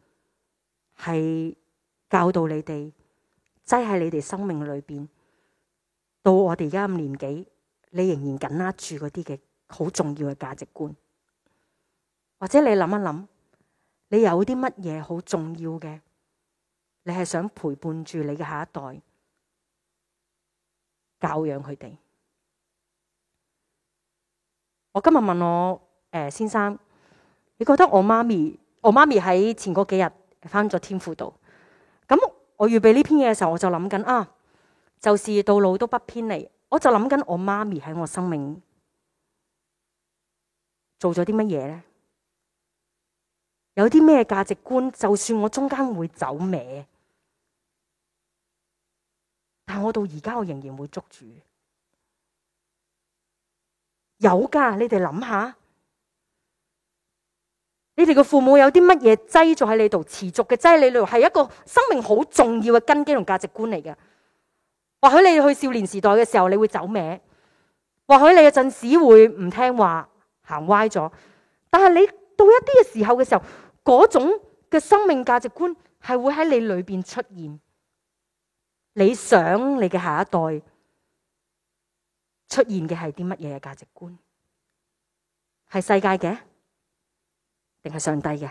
係教導你哋，擠喺你哋生命裏邊。到我哋而家咁年紀，你仍然緊握住嗰啲嘅好重要嘅價值觀，或者你諗一諗。你有啲乜嘢好重要嘅？你係想陪伴住你嘅下一代，教養佢哋。我今日問我誒、呃、先生，你覺得我媽咪我媽咪喺前嗰幾日返咗天父度？咁我預備呢篇嘢嘅時候，我就諗緊啊，就是到老都不偏離。我就諗緊我媽咪喺我生命做咗啲乜嘢咧？有啲咩價值觀？就算我中間會走歪，但我到而家我仍然會捉住。有噶，你哋諗下，你哋個父母有啲乜嘢擠咗喺你度，持續嘅擠喺你度，係一個生命好重要嘅根基同價值觀嚟嘅。或許你去少年時代嘅時候，你會走歪，或許你有陣時會唔聽話，行歪咗，但係你到一啲嘅時候嘅時候。嗰種嘅生命價值觀係會喺你裏邊出現。你想你嘅下一代出現嘅係啲乜嘢嘅價值觀？係世界嘅，定係上帝嘅？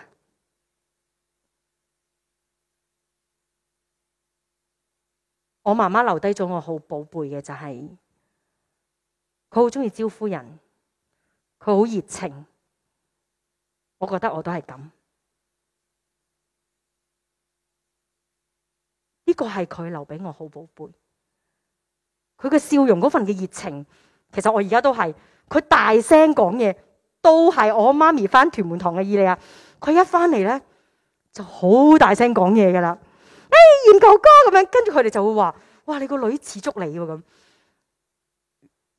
我媽媽留低咗我好寶貝嘅就係，佢好中意招呼人，佢好熱情。我覺得我都係咁。這個係佢留俾我好寶貝，佢嘅笑容嗰份嘅熱情，其實我而家都係佢大聲講嘢，都係我媽咪翻屯門堂嘅意義啊！佢一翻嚟咧就好大聲講嘢噶啦，誒嚴舅哥咁樣，跟住佢哋就會話：「哇，你個女似足你喎。咁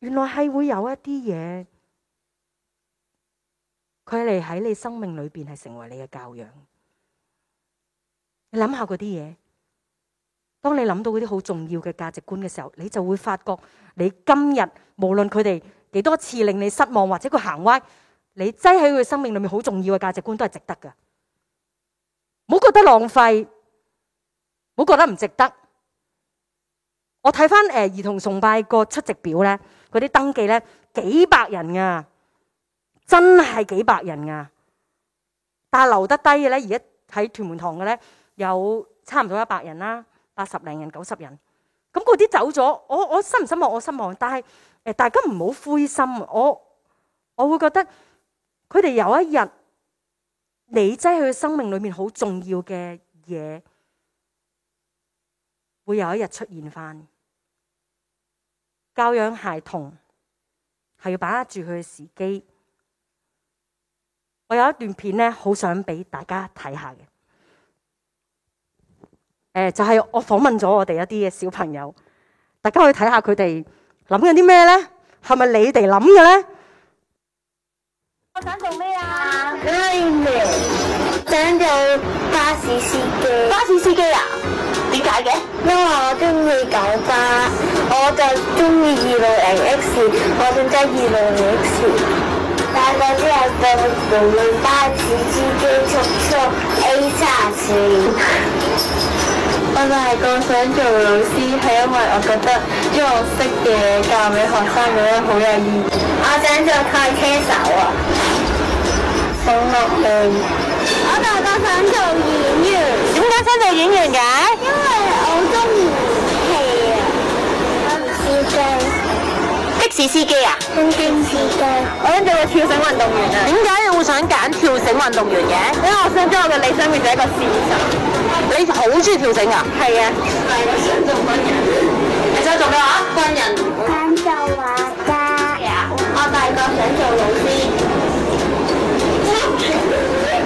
原來係會有一啲嘢，佢哋喺你生命裏邊係成為你嘅教養。你諗下嗰啲嘢。當你諗到嗰啲好重要嘅價值觀嘅時候，你就會發覺你今日無論佢哋幾多次令你失望，或者佢行歪，你擠喺佢生命裏面好重要嘅價值觀都係值得噶。唔好覺得浪費，唔好覺得唔值得。我睇翻誒，兒童崇拜個出席表咧，嗰啲登記咧幾百人啊，真係幾百人啊。但係留得低嘅咧，而家喺屯門堂嘅咧有差唔多一百人啦。八十零人、九十人，咁嗰啲走咗，我我失唔失望，我失望。但係誒，大家唔好灰心，我我會覺得佢哋有一日你擠喺佢生命裏面好重要嘅嘢，會有一日出現翻。教養孩童係要把握住佢嘅時機。我有一段片咧，好想俾大家睇下嘅。誒就係我訪問咗我哋一啲嘅小朋友，大家可以睇下佢哋諗緊啲咩咧？係咪你哋諗嘅咧？我想做咩啊？我想做巴士司機。巴士司機啊？點解嘅？因為我中意九巴，我就中意二六零 X，我想揸二六零 X。但係我知道大個之後到無論巴士司機速速 A 三線。我大個想做老師，係因為我覺得將我識嘅教俾學生，咁樣好有意義。我想做卡車手啊！放學啦！我大個想做演員。點解想做演員嘅？因為我好中意演戲啊！我係司機。的士司機啊？空姐司機。我想做跳繩運動員啊！點解你會想揀跳繩運動員嘅？因為我想將我嘅理想變成一個現實。你好中意調整噶？係啊。我大個想做軍人。你想做咩話？軍人。想做畫家。我大個想做老師。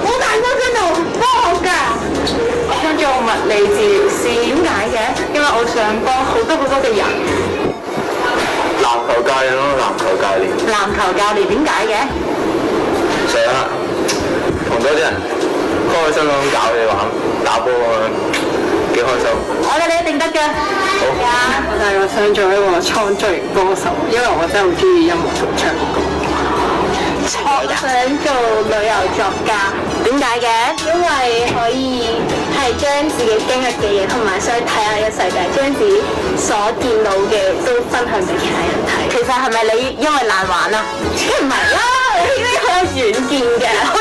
我大個想做科學家。想做物理治療師，點解嘅？因為我想幫好多好多嘅人。籃球界咯，籃球界練。籃球教練點解嘅？想呀，同多啲人開開心心咁搞嘢玩。打波啊，幾開心！我覺得你一定得嘅，係啊！但係我想做一個創作型歌手，因為我真係好中意音樂，同唱歌。想做旅遊作家，點解嘅？因為可以係將自己經歷嘅嘢，同埋想去睇下嘅世界，將自己所見到嘅都分享俾其他人睇。其實係咪你因為難玩啊？唔係啦！有軟件嘅，有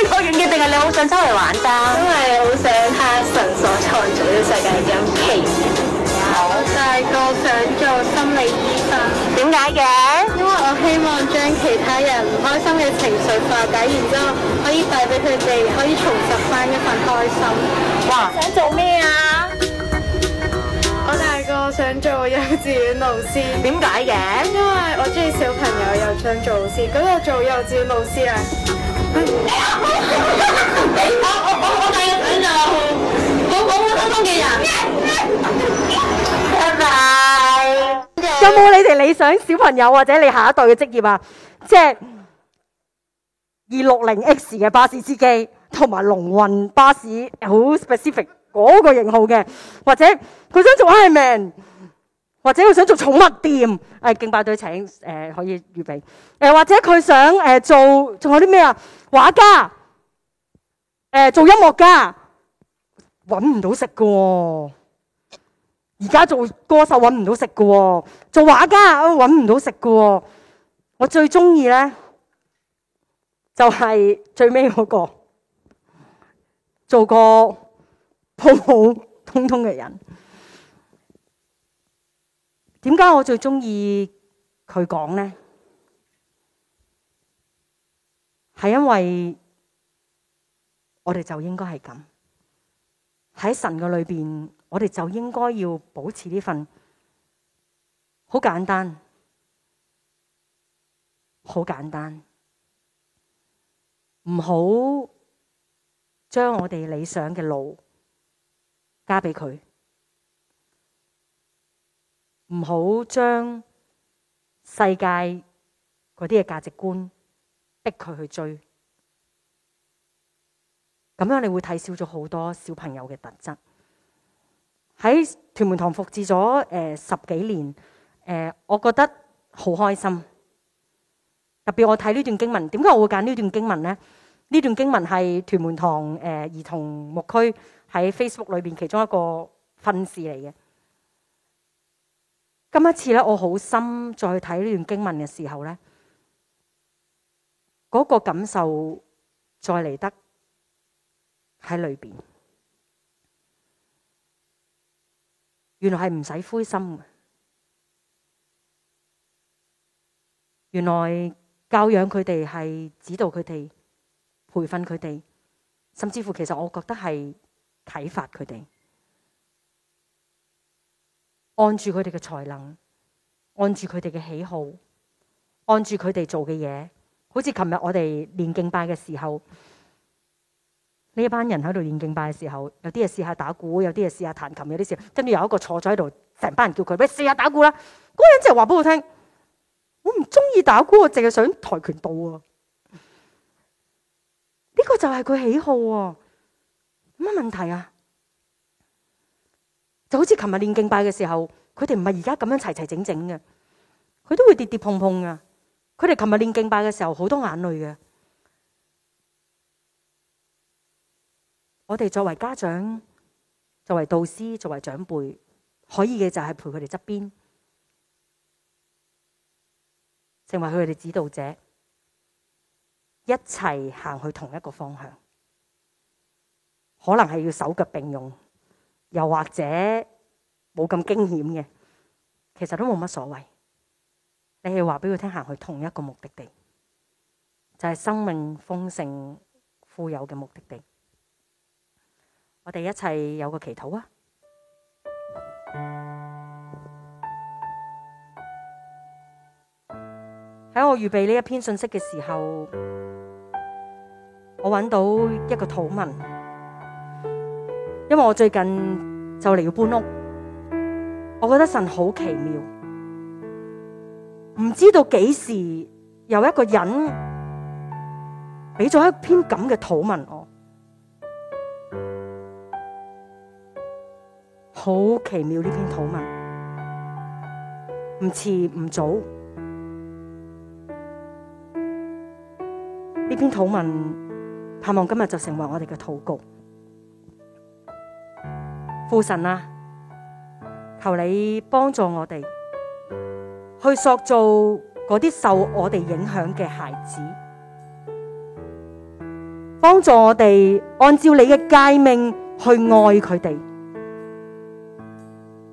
軟件定係你好想周圍玩咋？因為好想睇下神所創造嘅世界係幾咁奇妙。好，oh. 我大個想做心理醫生。點解嘅？因為我希望將其他人唔開心嘅情緒化解，然之後可以帶俾佢哋可以重拾翻一份開心。哇！Wow. 想做咩啊？想做幼稚園老師？點解嘅？因為我中意小朋友，又想做老師。嗰度做幼稚園老師啊！我我我我我大一想做，我我我山東嘅人。拜拜。有冇你哋理想小朋友或者你下一代嘅職業啊？即係二六零 X 嘅巴士司機，同埋龍運巴士好 specific 嗰個型號嘅，或者佢想做 Iron Man。或者佢想做寵物店，係競辦隊請誒可以預備誒，或者佢想誒做仲有啲咩啊？畫家誒做音樂家搵唔到食噶，而家做歌手搵唔到食噶，做畫家都搵唔到食噶。我最中意咧就係最尾嗰個做個普普通通嘅人。點解我最中意佢講呢？係因為我哋就應該係咁，喺神嘅裏邊，我哋就應該要保持呢份好簡單，好簡單，唔好將我哋理想嘅路加俾佢。唔好將世界嗰啲嘅價值觀逼佢去追，咁樣你會睇少咗好多小朋友嘅特質。喺屯門堂服侍咗誒、呃、十幾年，誒、呃、我覺得好開心。特別我睇呢段經文，點解我會揀呢段經文咧？呢段經文係屯門堂誒、呃、兒童牧區喺 Facebook 裏邊其中一個分事嚟嘅。今一次咧，我好深再去睇呢段經文嘅時候咧，嗰個感受再嚟得喺裏邊。原來係唔使灰心嘅，原來教養佢哋係指導佢哋、培訓佢哋，甚至乎其實我覺得係啟發佢哋。按住佢哋嘅才能，按住佢哋嘅喜好，按住佢哋做嘅嘢。好似琴日我哋練敬拜嘅時候，呢一班人喺度練敬拜嘅時候，有啲嘢試下打鼓，有啲嘢試下彈琴，有啲嘢試下。跟住有一個坐咗喺度，成班人叫佢，不如試下打鼓啦。嗰個人就話俾我聽，我唔中意打鼓，我淨係想跆拳道啊。呢、這個就係佢喜好啊，乜問題啊？就好似琴日練敬拜嘅時候，佢哋唔係而家咁樣齊齊整整嘅，佢都會跌跌碰碰㗎。佢哋琴日練敬拜嘅時候，好多眼淚嘅。我哋作為家長、作為導師、作為長輩，可以嘅就係陪佢哋側邊，成為佢哋指導者，一齊行去同一個方向。可能係要手腳並用。又或者冇咁驚險嘅，其實都冇乜所謂。你係話俾佢聽，行去同一個目的地，就係生命豐盛富有嘅目的地。我哋一齊有個祈禱啊！喺我預備呢一篇信息嘅時候，我揾到一個圖文。因為我最近就嚟要搬屋，我覺得神好奇妙，唔知道幾時有一個人俾咗一篇咁嘅禱文我，好奇妙，呢篇禱文，唔遲唔早，呢篇禱文盼望今日就成為我哋嘅禱告。父神啊，求你幫助我哋去塑造嗰啲受我哋影響嘅孩子，幫助我哋按照你嘅誡命去愛佢哋，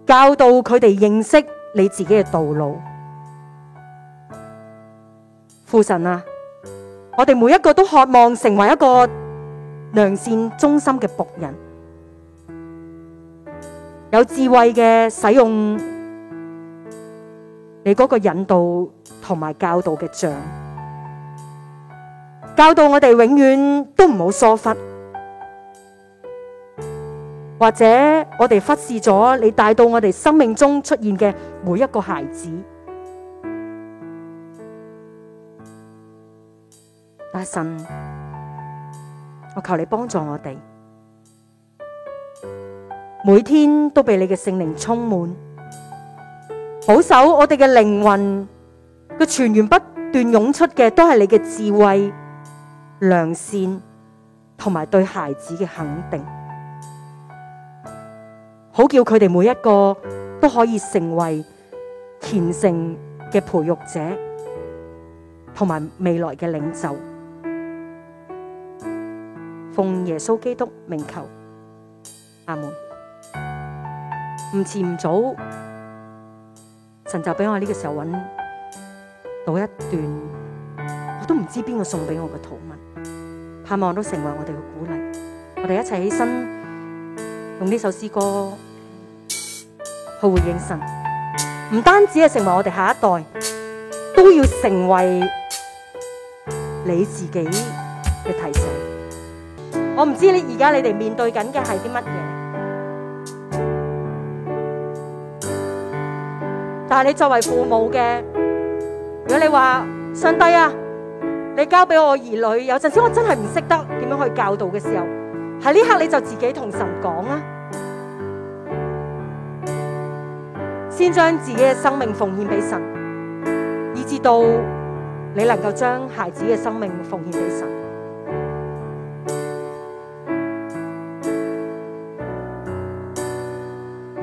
教導佢哋認識你自己嘅道路。父神啊，我哋每一個都渴望成為一個良善忠心嘅僕人。有智慧嘅使用你嗰個引導同埋教導嘅杖，教導我哋永遠都唔好疏忽，或者我哋忽視咗你帶到我哋生命中出現嘅每一個孩子。但係神，我求你幫助我哋。每天都被你嘅聖靈充滿，保守我哋嘅靈魂嘅泉源不斷湧出嘅都係你嘅智慧、良善同埋對孩子嘅肯定，好叫佢哋每一個都可以成為虔誠嘅培育者，同埋未來嘅領袖。奉耶穌基督名求，阿門。唔遲唔早，神就俾我呢個時候揾到一段，我都唔知邊個送俾我嘅圖文，盼望都成為我哋嘅鼓勵。我哋一齊起，起身，用呢首詩歌去回應神，唔單止係成為我哋下一代，都要成為你自己嘅提醒。我唔知道現在你而家你哋面對緊嘅係啲乜嘢。但係你作為父母嘅，如果你話，上帝啊，你交俾我兒女，有陣時我真係唔識得點樣去教導嘅時候，喺呢刻你就自己同神講啦，先將自己嘅生命奉獻俾神，以至到你能夠將孩子嘅生命奉獻俾神。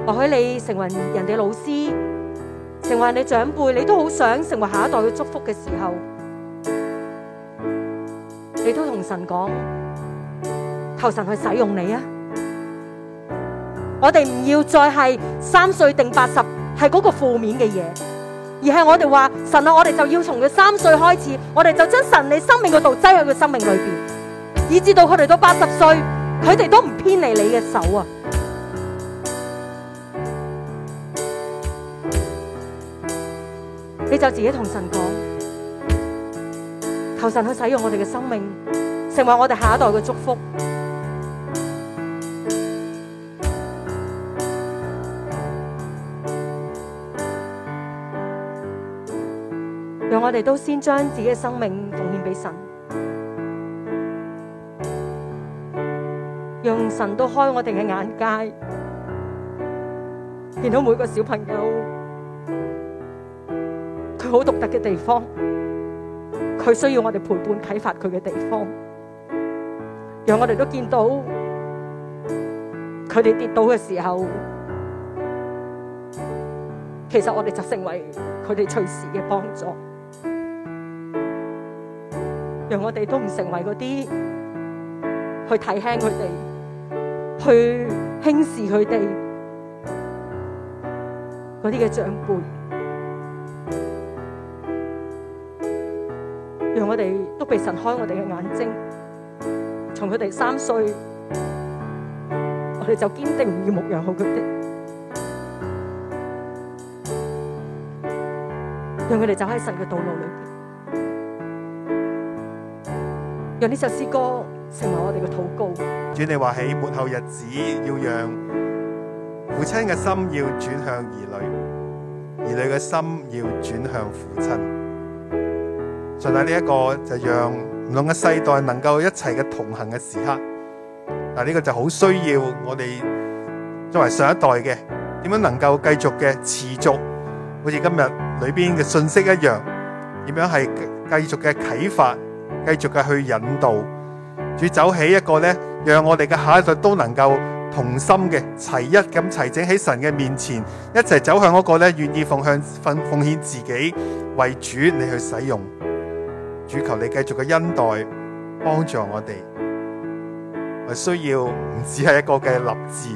或許你成為人哋老師。成為你長輩，你都好想成為下一代嘅祝福嘅時候，你都同神講，求神去使用你啊！我哋唔要再係三歲定八十，係嗰個負面嘅嘢，而係我哋話神啊，我哋就要從佢三歲開始，我哋就將神你生命嘅道擠喺佢生命裏邊，以至到佢哋到八十歲，佢哋都唔偏離你嘅手啊！你就自己同神講，求神去使用我哋嘅生命，成為我哋下一代嘅祝福。讓我哋都先將自己嘅生命奉獻畀神，讓神都開我哋嘅眼界，見到每個小朋友，好獨特嘅地方，佢需要我哋陪伴啟發佢嘅地方，讓我哋都見到佢哋跌倒嘅時候，其實我哋就成為佢哋隨時嘅幫助，讓我哋都唔成為嗰啲去睇輕佢哋，去輕視佢哋嗰啲嘅長輩。我哋都被神開我哋嘅眼睛，從佢哋三歲，我哋就堅定唔要牧養好佢哋，讓佢哋走喺神嘅道路裏邊，讓呢首詩歌成為我哋嘅禱告。主你話喺末後日子，要讓父親嘅心要轉向兒女，兒女嘅心要轉向父親。順帶呢一個就讓唔同嘅世代能夠一齊嘅同行嘅時刻，嗱呢個就好需要我哋作為上一代嘅點樣能夠繼續嘅持續，好似今日裏邊嘅信息一樣，點樣係繼續嘅啟發，繼續嘅去引導，主走起一個呢，讓我哋嘅下一代都能夠同心嘅齊一咁齊整喺神嘅面前，一齊走向嗰個呢，願意奉向奉獻自己為主，你去使用。主求你繼續嘅恩待幫助我哋，我需要唔止係一個嘅立志，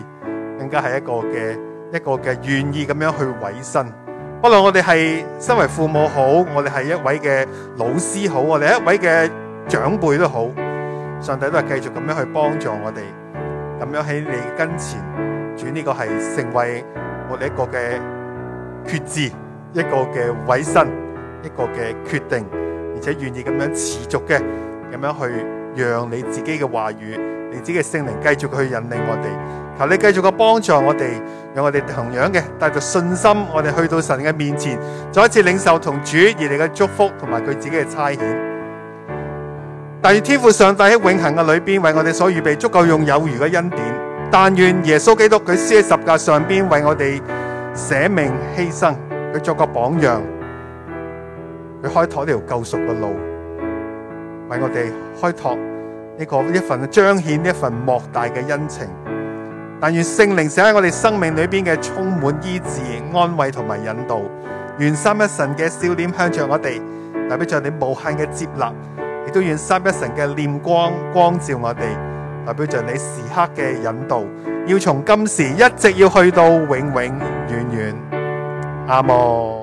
更加係一個嘅一個嘅願意咁樣去委身。不論我哋係身為父母好，我哋係一位嘅老師好，我哋一位嘅長輩都好，上帝都係繼續咁樣去幫助我哋，咁樣喺你跟前，主呢個係成為我哋一個嘅決志，一個嘅委身，一個嘅決定。而且願意咁樣持續嘅，咁樣去讓你自己嘅話語、你自己嘅聖靈繼續去引領我哋，求你繼續嘅幫助我哋，讓我哋同樣嘅帶着信心，我哋去到神嘅面前，再一次領受同主而嚟嘅祝福同埋佢自己嘅差遣。但願天父上帝喺永恆嘅裏邊為我哋所預備足夠用有餘嘅恩典。但願耶穌基督佢死喺十架上邊為我哋捨命犧牲，佢作個榜樣。去開拓呢條救贖嘅路，為我哋開拓呢個一份彰顯呢一份莫大嘅恩情。但願聖靈寫喺我哋生命裏邊嘅充滿醫治、安慰同埋引導。願三一神嘅笑臉向着我哋，代表着你無限嘅接納；亦都願三一神嘅念光光照我哋，代表着你時刻嘅引導。要從今時一直要去到永永遠遠。阿們。